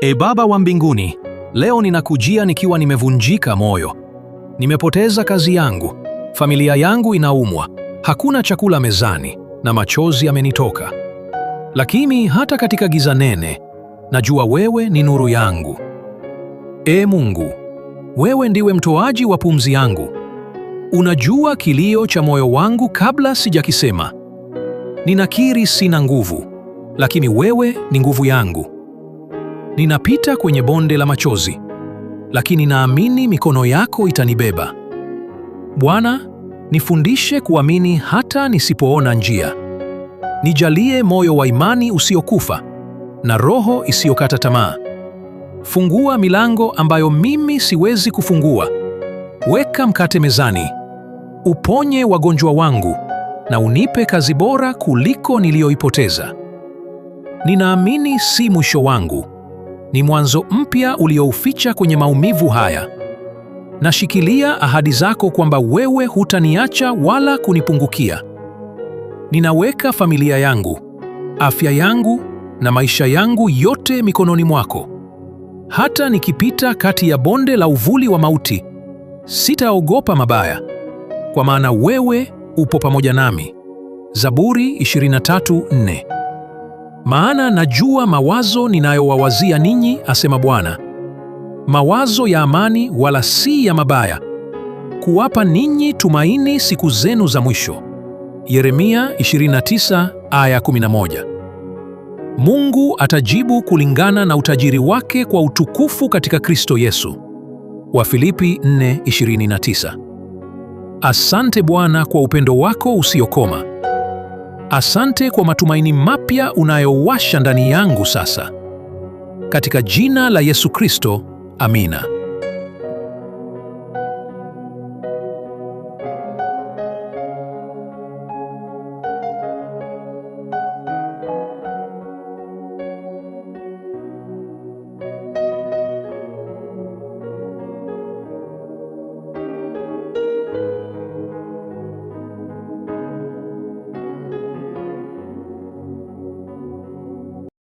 E Baba wa mbinguni, leo ninakujia nikiwa nimevunjika moyo. Nimepoteza kazi yangu, familia yangu inaumwa, hakuna chakula mezani na machozi yamenitoka. Lakini hata katika giza nene, najua wewe ni nuru yangu. E Mungu, wewe ndiwe mtoaji wa pumzi yangu. Unajua kilio cha moyo wangu kabla sijakisema. Ninakiri sina nguvu, lakini wewe ni nguvu yangu ninapita kwenye bonde la machozi, lakini naamini mikono yako itanibeba. Bwana, nifundishe kuamini hata nisipoona njia. Nijalie moyo wa imani usiokufa na roho isiyokata tamaa. Fungua milango ambayo mimi siwezi kufungua. Weka mkate mezani, uponye wagonjwa wangu na unipe kazi bora kuliko niliyoipoteza. Ninaamini si mwisho wangu ni mwanzo mpya uliouficha kwenye maumivu haya. Nashikilia ahadi zako kwamba wewe hutaniacha wala kunipungukia. Ninaweka familia yangu, afya yangu na maisha yangu yote mikononi mwako. Hata nikipita kati ya bonde la uvuli wa mauti, sitaogopa mabaya, kwa maana wewe upo pamoja nami. Zaburi 23:4 maana najua mawazo ninayowawazia ninyi, asema Bwana, mawazo ya amani, wala si ya mabaya, kuwapa ninyi tumaini siku zenu za mwisho. Yeremia 29 aya 11. Mungu atajibu kulingana na utajiri wake kwa utukufu katika Kristo Yesu. Wafilipi 4:29. Asante Bwana kwa upendo wako usiokoma. Asante kwa matumaini mapya unayowasha ndani yangu sasa. Katika jina la Yesu Kristo, amina.